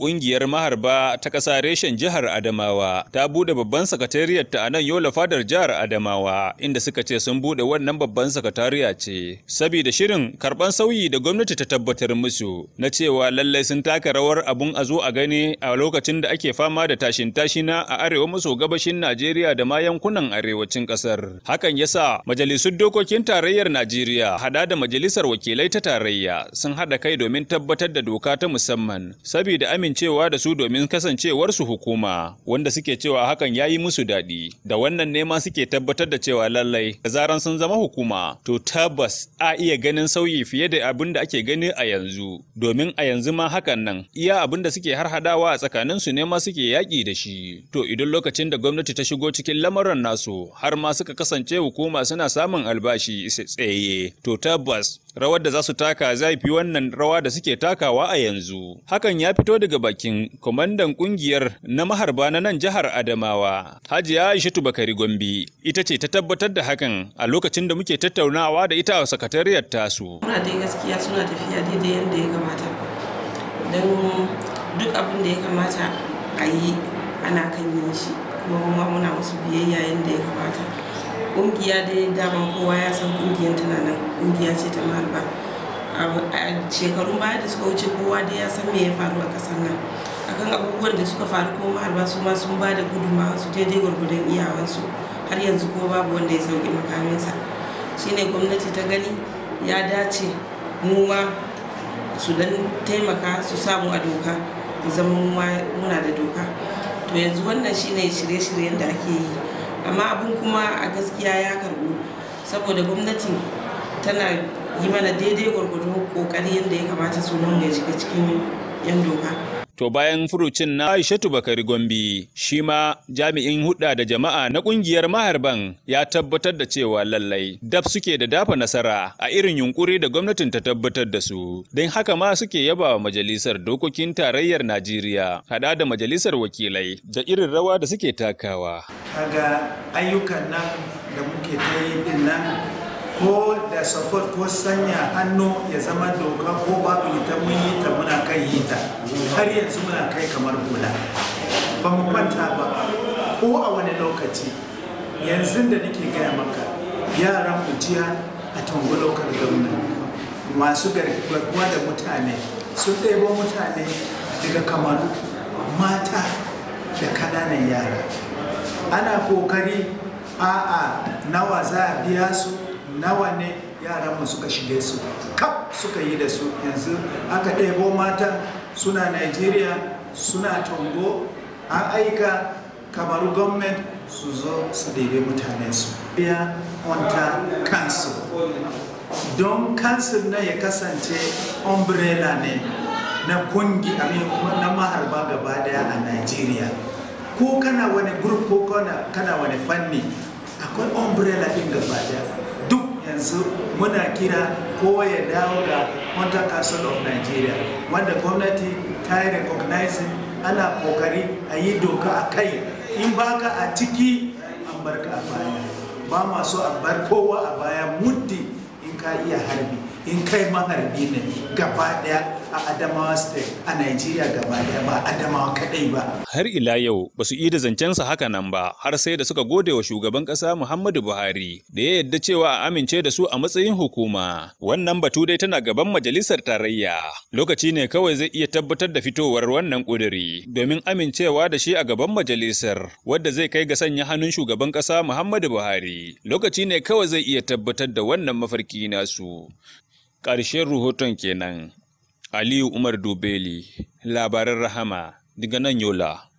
Ƙungiyar maharba ta ƙasa reshen jihar Adamawa ta buɗe babban sakatariyar ta a nan Yola fadar jihar Adamawa inda suka ce sun buɗe wannan babban sakatariya ce. Saboda shirin karɓan sauyi da gwamnati ta tabbatar musu na cewa lallai sun taka rawar abun a zo a gani a lokacin da ake fama da tashin tashina a arewa maso gabashin Najeriya da ma yankunan arewacin ƙasar. Hakan yasa majalisun dokokin tarayyar Najeriya hada da majalisar wakilai ta tarayya sun haɗa kai domin tabbatar da doka ta musamman saboda amin amincewa da su domin su hukuma wanda suke cewa hakan ya yi musu daɗi da wannan nema suke tabbatar da cewa lallai da zaran sun zama hukuma to tabbas a iya ganin sauyi fiye da abin da ake gani a yanzu domin a yanzu ma hakan nan iya abin da suke harhadawa a tsakaninsu ne ma suke yaƙi da shi to idan lokacin da gwamnati ta shigo cikin lamarin nasu har ma suka kasance hukuma suna samun albashi tsaye? to tabbas rawar da za su taka zai fi wannan rawa da suke takawa a yanzu. Hakan ya fito daga bakin kwamandan kungiyar na maharba na nan jihar Adamawa. Hajiya Aishatu Bakari Gombe ita ce ta tabbatar da hakan a lokacin da muke tattaunawa da ita a sakatariyar tasu. Muna dai gaskiya suna tafiya daidai yadda ya kamata. Don duk abin da ya kamata a yi ana kan yin kuma muna musu biyayya yadda ya kamata. kungiya dai dama kowa ya san kungiyar tana nan kungiya ce ta maharba a shekarun baya da suka wuce kowa dai ya san me ya faru a kasar nan akan abubuwan da suka faru ko maharba su ma sun ba da guduma su daidai gwargwadon iyawansu har yanzu ko babu wanda ya sauke makaminsa shine gwamnati ta gani ya dace mu ma su dan taimaka su samu a doka zama muna da doka to yanzu wannan shine shirye-shiryen da ake yi amma abun kuma a gaskiya ya karbu saboda gwamnati tana yi mana daidai gwargwado kokari yadda ya kamata sunan ya shiga cikin yan doka To bayan furucin na Aishatu Bakari Gombe, shi ma jami'in hudda da jama'a na kungiyar maharban ya tabbatar da cewa lallai daf suke da dafa nasara a irin yunkuri da gwamnatin ta tabbatar da su. Don haka ma suke yaba wa majalisar dokokin tarayyar Najeriya, hada da majalisar wakilai da irin rawa da suke takawa. Kaga ayyukan nan da muke ta yi nan ko da support ko sanya hannu ya zama doka ko babu ita mun yi ta muna kai yi ta har yanzu muna kai kamar hula ba mu kwanta ba ko a wani lokaci yanzu da nake gaya maka yaran kujiya a tango lokar masu garkuwa da mutane sun ɗebo mutane daga kamaru mata da kananan yara ana kokari a'a nawa za a biya su nawa ne yaran mu suka shige su kap suka yi da su yanzu aka ɗebo mata suna nigeria suna tongo an aika kamaru government su zo su ɗebe mutanen su ya onta kansu don kansil na ya kasance umbrella ne na kungi na maharba gaba daya a nigeria ko kana wani group ko kana wani fanni akwai umbrella din gaba daya yanzu muna kira kowa ya dawo da hunter castle of nigeria wanda gwamnati ta yi recognizing ana kokari a yi doka a kai in baka a ciki an barka a baya ba masu bar kowa a baya muddi in ka iya harbi in kai maharbi ne gaba daya a Adamawa State a Najeriya gaba ba Adamawa kadai ba. Har ila yau ba su da zancen zancensa haka nan ba har sai da suka gode wa shugaban ƙasa Muhammadu Buhari da ya yadda cewa a amince da su a matsayin hukuma. Wannan batu dai tana gaban majalisar tarayya. Lokaci ne kawai zai iya tabbatar da fitowar wannan ƙuduri domin amincewa da shi a gaban majalisar wadda zai kai ga sanya hannun shugaban ƙasa Muhammadu Buhari. Lokaci ne kawai zai iya tabbatar da wannan mafarki nasu. ƙarshen rahoton kenan. Aliyu Umar dubeli labaran Rahama, daga nan Yola.